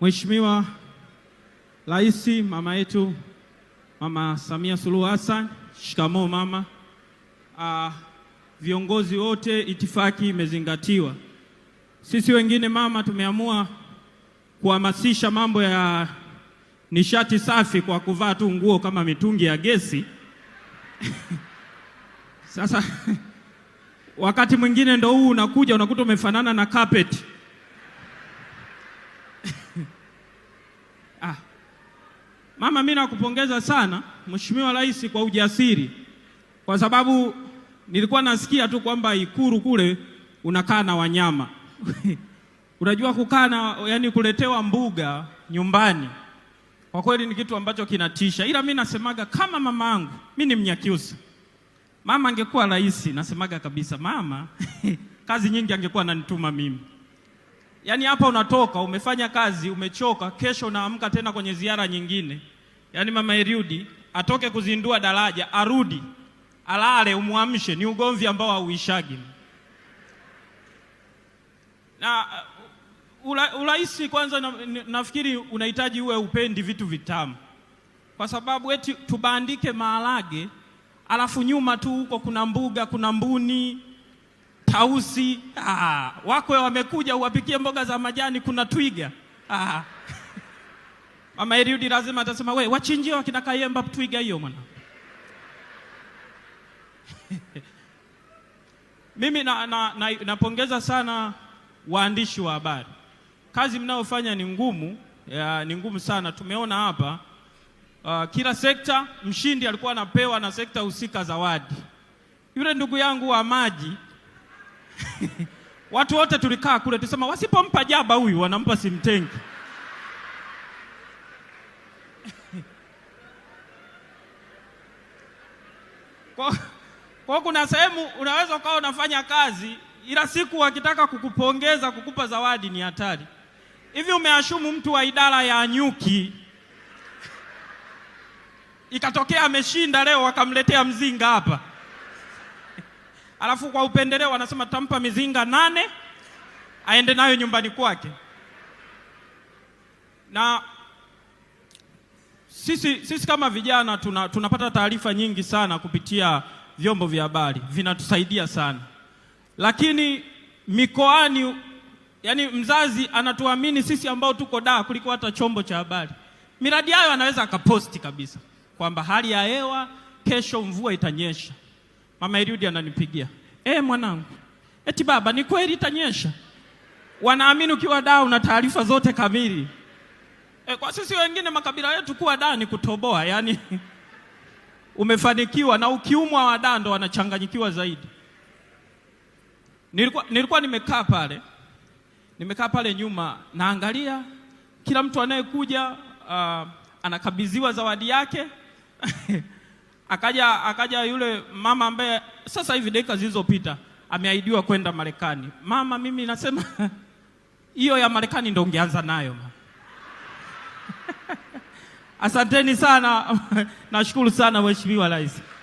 Mheshimiwa Rais mama yetu Mama Samia Suluhu Hassan, shikamoo mama. Uh, viongozi wote, itifaki imezingatiwa. Sisi wengine mama, tumeamua kuhamasisha mambo ya nishati safi kwa kuvaa tu nguo kama mitungi ya gesi sasa wakati mwingine ndo huu unakuja unakuta umefanana na carpet. Ah. Mama, mimi nakupongeza sana Mheshimiwa Rais kwa ujasiri, kwa sababu nilikuwa nasikia tu kwamba Ikulu kule unakaa na wanyama unajua kukaa na yani, kuletewa mbuga nyumbani kwa kweli ni kitu ambacho kinatisha, ila mi nasemaga kama mama yangu, mi ni Mnyakyusa, mama angekuwa rais, nasemaga kabisa mama kazi nyingi angekuwa ananituma mimi. Yaani hapa unatoka umefanya kazi umechoka, kesho unaamka tena kwenye ziara nyingine. Yaani mama Eliudi atoke kuzindua daraja, arudi alale, umwamshe, ni ugomvi ambao hauishagi. Na uh, ula, urahisi kwanza na, nafikiri unahitaji uwe upendi vitu vitamu, kwa sababu eti tubandike maharage alafu nyuma tu huko kuna mbuga, kuna mbuni tausi ah, wakwe wamekuja uwapikie mboga za majani, kuna twiga ah. Mama Eliudi lazima atasema we wachinjie wakina Kayemba twiga hiyo mwana. Mimi napongeza na, na, na sana waandishi wa habari, kazi mnayofanya ni ngumu, ya, ni ngumu sana. Tumeona hapa uh, kila sekta mshindi alikuwa anapewa na sekta husika zawadi. Yule ndugu yangu wa maji watu wote tulikaa kule, tusema wasipompa jaba huyu wanampa simtengi. Kwa kuna sehemu unaweza ukawa unafanya kazi, ila siku wakitaka kukupongeza, kukupa zawadi ni hatari. Hivi umeashumu mtu wa idara ya nyuki ikatokea ameshinda leo, wakamletea mzinga hapa alafu kwa upendeleo wanasema tampa mizinga nane aende nayo nyumbani kwake. Na sisi, sisi kama vijana tuna, tunapata taarifa nyingi sana kupitia vyombo vya habari vinatusaidia sana, lakini mikoani, yani mzazi anatuamini sisi ambao tuko daa kuliko hata chombo cha habari. Miradi hayo anaweza akaposti kabisa kwamba hali ya hewa kesho mvua itanyesha. Mama Eliudi ananipigia, eh, mwanangu, eti baba, ni kweli itanyesha? Wanaamini ukiwa daa una taarifa zote kamili. E, kwa sisi wengine makabila yetu kuwa daa ni kutoboa, yani umefanikiwa, na ukiumwa wa da ndo wanachanganyikiwa zaidi. Nilikuwa, nilikuwa nimekaa pale nimekaa pale nyuma naangalia kila mtu anayekuja, uh, anakabidhiwa zawadi yake Akaja, akaja yule mama ambaye sasa hivi dakika zilizopita ameahidiwa kwenda Marekani. Mama, mimi nasema hiyo ya Marekani ndio ungeanza nayo. Asanteni sana nashukuru sana Mheshimiwa Rais.